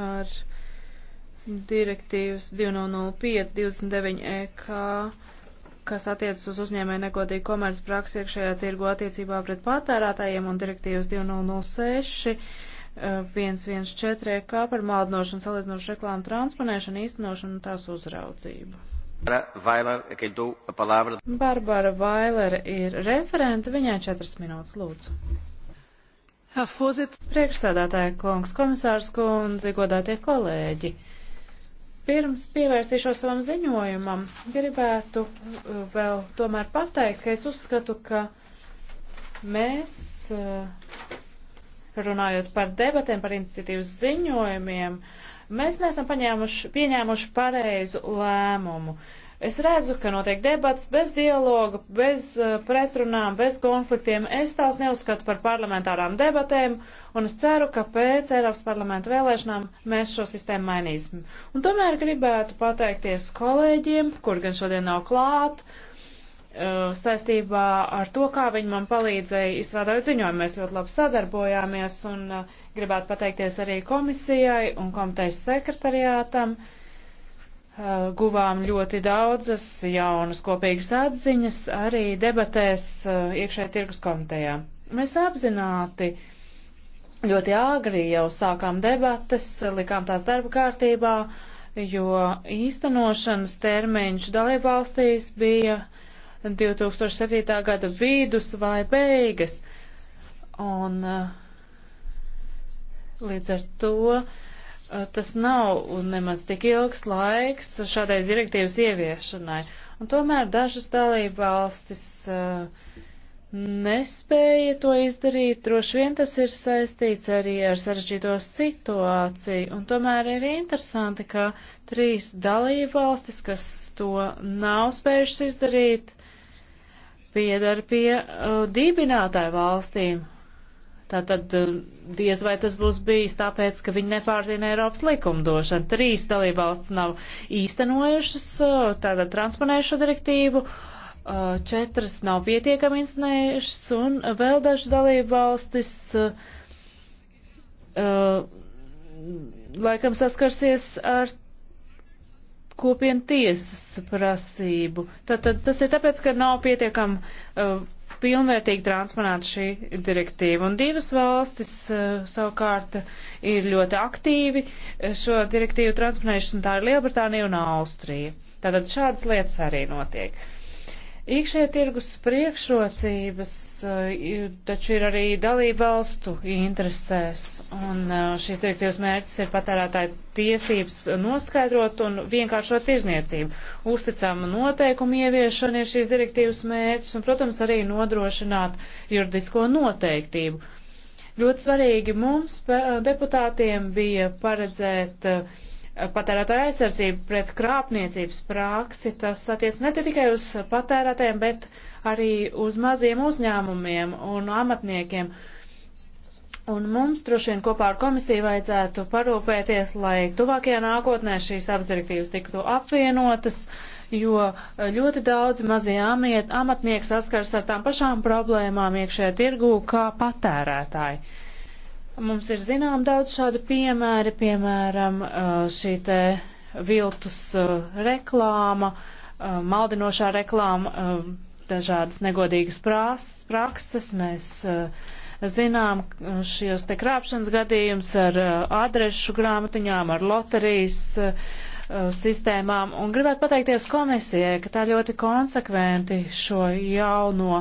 ar direktīvas 2005-29 EK, kas attiecas uz uzņēmēju negodīgu komerces praksi iekšējā tirgu attiecībā pret patērētājiem un direktīvas 2006-114 EK eh, e par maldinošanu salīdzinošu reklāmu transponēšanu, īstenošanu un tās uzraudzību. Barbara Vailere ir referente, viņai četras minūtes lūdzu. Priekšsēdētāja kungs, komisārs kundze, godātie kolēģi. Pirms pievērsīšos savam ziņojumam, gribētu uh, vēl tomēr pateikt, ka es uzskatu, ka mēs, uh, runājot par debatēm, par iniciatīvas ziņojumiem, mēs neesam pieņēmuši pareizu lēmumu. Uh, Es redzu, ka notiek debats bez dialoga, bez eh, pretrunām, bez konfliktiem. Es tās neuzskatu par parlamentārām debatēm, un es ceru, ka pēc Eiropas parlamenta vēlēšanām mēs šo sistēmu mainīsim. Un tomēr gribētu pateikties kolēģiem, kur gan šodien nav klāt, eh, saistībā ar to, kā viņi man palīdzēja izstrādājot ziņojumu. Mēs ļoti labi sadarbojāmies un eh, gribētu pateikties arī komisijai un komitejas sekretariātam. Uh, Eh, guvām ļoti daudzas jaunas kopīgas atziņas arī debatēs eh, iekšē tirgus komitejā. Mēs apzināti ļoti āgri jau sākām debates, likām tās darba kārtībā, jo īstenošanas termiņš dalībvalstīs bija 2007. gada vidus vai beigas. Un eh, līdz ar to uh, Uh, tas nav nemaz tik ilgs laiks šādai direktīvas ieviešanai. Un tomēr dažas dalība valstis uh, nespēja to izdarīt. Droši vien tas ir saistīts arī ar sarežģīto situāciju. Un tomēr ir interesanti, ka trīs dalība valstis, kas to nav spējušas izdarīt, piedar pie uh, dibinātāju valstīm, Tātad eh, diez vai tas būs bijis tāpēc, ka viņi nepārzina Eiropas likumdošanu. Trīs dalībvalsts nav īstenojušas, eh, tātad transponējušo direktīvu, eh, četras nav pietiekami īstenējušas un vēl dažas dalībvalstis laikam saskarsies ar kopienu tiesas prasību. Tātad tas ir tāpēc, ka nav pietiekami pilnvērtīgi transponēta šī direktīva. Un divas valstis eh, savukārt ir ļoti aktīvi eh, šo direktīvu transponējušas, un tā ir Lielbritānija un Austrija. Tātad šādas lietas arī notiek. Iekšējā tirgus priekšrocības eh, taču ir arī dalība valstu interesēs, un eh, šīs direktīvas mērķis ir patērētāju tiesības noskaidrot un vienkāršot tirzniecību. Uzticama noteikumu ieviešana ir šīs direktīvas mērķis, un, protams, arī nodrošināt juridisko noteiktību. Ļoti svarīgi mums, deputātiem, bija paredzēt uh, patērētāja aizsardzība pret krāpniecības praksi, tas attiec ne tikai uz patērētājiem, bet arī uz maziem uzņēmumiem un amatniekiem. Un mums droši vien kopā ar komisiju vajadzētu parūpēties, lai tuvākajā nākotnē šīs abas direktīvas tiktu apvienotas, jo ļoti daudz mazie amatnieki saskars ar tām pašām problēmām iekšējā tirgū kā patērētāji. Mums ir zinām daudz šādu piemēru, piemēram, uh, šī te viltus uh, reklāma, uh, maldinošā reklāma, dažādas negodīgas prakses. Mēs zinām šos te krāpšanas gadījumus ar adrešu grāmatiņām, ar loterijas sistēmām. Un gribētu pateikties komisijai, ka tā ļoti konsekventi šo jauno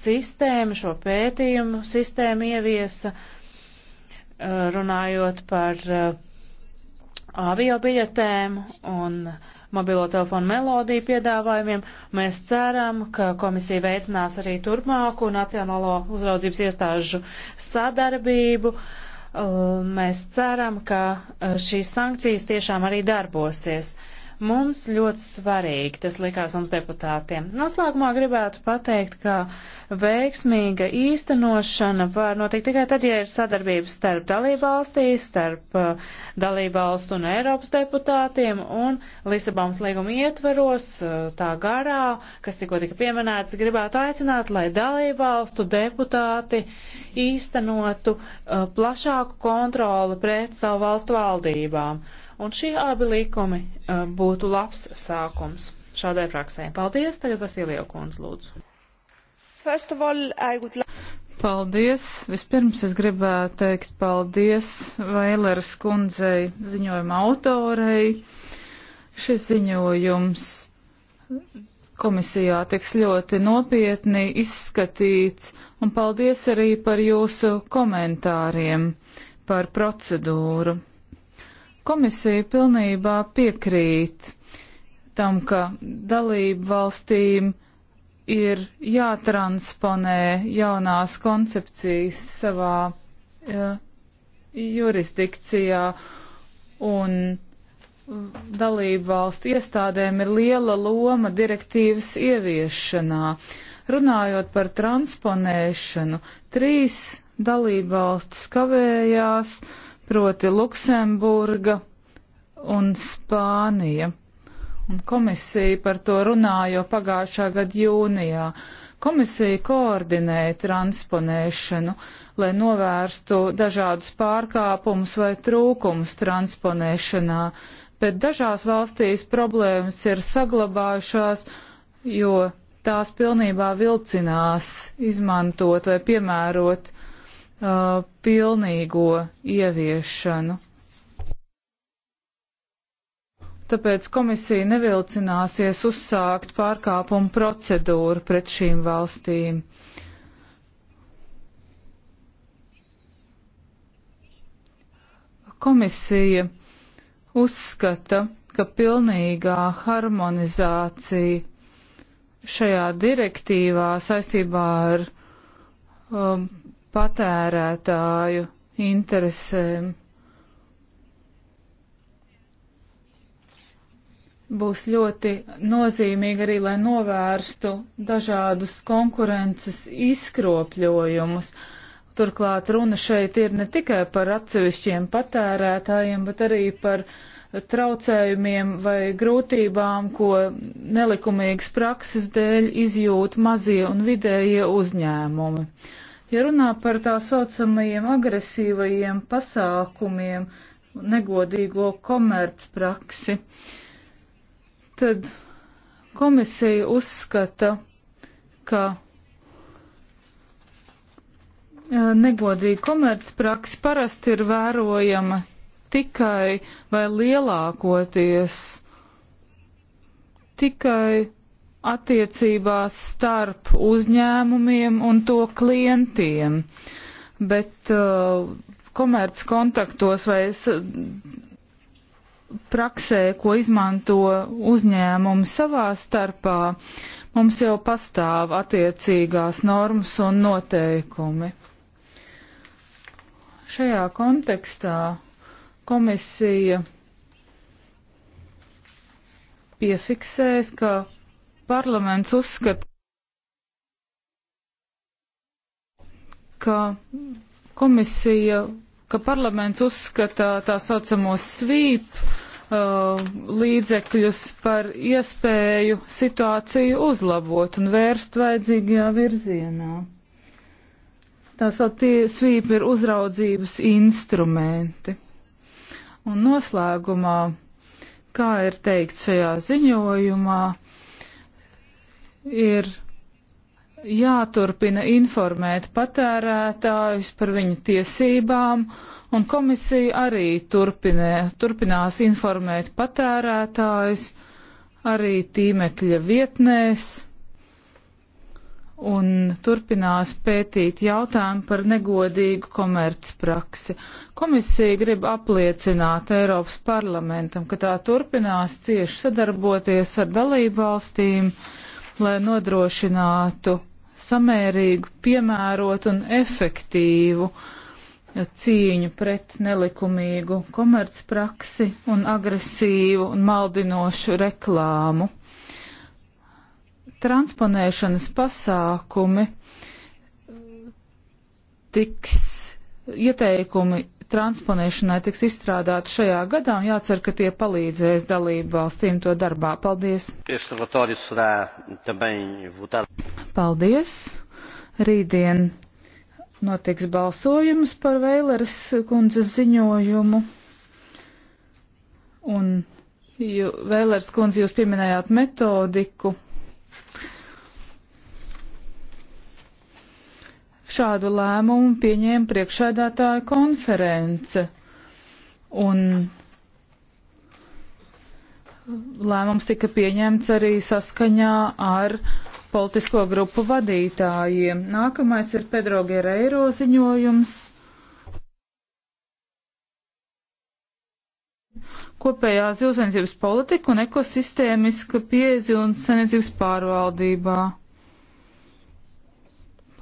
sistēmu, šo pētījumu sistēmu ieviesa. Uh, runājot par eh, avio biļetēm un mobilo telefonu melodiju piedāvājumiem. Mēs ceram, ka komisija veicinās arī turpmāku Nacionālo uzraudzības iestāžu sadarbību. Mēs ceram, ka eh, šīs sankcijas tiešām arī darbosies. Uh, mums ļoti svarīgi. Tas likās mums deputātiem. Noslēgumā gribētu pateikt, ka veiksmīga īstenošana var notikt tikai tad, ja ir sadarbības starp dalībvalstīs, starp uh, dalībvalstu un Eiropas deputātiem un Lisabonas līguma ietveros uh, tā garā, kas tikko tika pieminēts, gribētu aicināt, lai dalībvalstu deputāti īstenotu uh, plašāku kontroli pret savu valstu valdībām. Un šie abi līkumi uh, eh, būtu labs sākums šādai praksē. Paldies, tagad Vasilija Kons lūdzu. All, would... Paldies. Vispirms es gribētu teikt paldies Vaileras kundzei ziņojuma autorei. Šis ziņojums komisijā tiks ļoti nopietni izskatīts, un paldies arī par jūsu komentāriem par procedūru. Komisija pilnībā piekrīt tam, ka dalību valstīm ir jātransponē jaunās koncepcijas savā ja, eh, jurisdikcijā un dalību valstu iestādēm ir liela loma direktīvas ieviešanā. Runājot par transponēšanu, trīs dalību valstis kavējās, uh, proti Luksemburga un Spānija. Un komisija par to runāja pagājušā gada jūnijā. Komisija koordinē transponēšanu, lai novērstu dažādus pārkāpumus vai trūkumus transponēšanā, bet dažās valstīs problēmas ir saglabājušās, jo tās pilnībā vilcinās izmantot vai piemērot uh, uh, pilnīgo ieviešanu. Tāpēc komisija nevilcināsies uzsākt pārkāpumu procedūru pret šīm valstīm. Komisija uzskata, ka pilnīgā harmonizācija šajā direktīvā saistībā ar um, patērētāju interesēm. Būs ļoti nozīmīgi arī, lai novērstu dažādus konkurences izkropļojumus. Turklāt runa šeit ir ne tikai par atsevišķiem patērētājiem, bet arī par traucējumiem vai grūtībām, ko nelikumīgas prakses dēļ izjūt mazie un vidējie uzņēmumi. Uh, Ja runā par tā saucamajiem agresīvajiem pasākumiem, negodīgo komercpraksi, tad komisija uzskata, ka e, negodīga komercpraksa parasti ir vērojama tikai vai lielākoties tikai attiecībās starp uzņēmumiem un to klientiem, bet uh, komerc kontaktos vai es, uh, praksē, ko izmanto uzņēmumi savā starpā, mums jau pastāv attiecīgās normas un noteikumi. Šajā kontekstā komisija piefiksēs, ka parlaments uzskata, ka komisija, ka parlaments uzskata tā saucamo svīp uh, līdzekļus par iespēju situāciju uzlabot un vērst vajadzīgajā virzienā. Tā saucamie svīpi ir uzraudzības instrumenti. Un noslēgumā, kā ir teikt šajā ziņojumā, ir jāturpina informēt patērētājus par viņu tiesībām, un komisija arī turpinē, turpinās informēt patērētājus arī tīmekļa vietnēs un turpinās pētīt jautājumu par negodīgu komercpraksi. Komisija grib apliecināt Eiropas parlamentam, ka tā turpinās cieši sadarboties ar dalībvalstīm valstīm lai nodrošinātu samērīgu, piemērotu un efektīvu cīņu pret nelikumīgu komercpraksi un agresīvu un maldinošu reklāmu. Transponēšanas pasākumi tiks ieteikumi transponēšanai tiks izstrādāti šajā gadā un jācer, ka tie palīdzēs dalību valstīm to darbā. Paldies! Paldies! Rītdien notiks balsojums par Vēleres kundzes ziņojumu. Un Vēleres kundze, jūs pieminējāt metodiku. Šādu lēmumu pieņēma priekšēdētāja konference. Un lēmums tika pieņemts arī saskaņā ar politisko grupu vadītājiem. Nākamais ir Pedro Guerreiro ziņojums. Kopējā zivsainības politika un ekosistēmiska piezi un saimniecības pārvaldībā.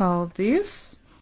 Paldies!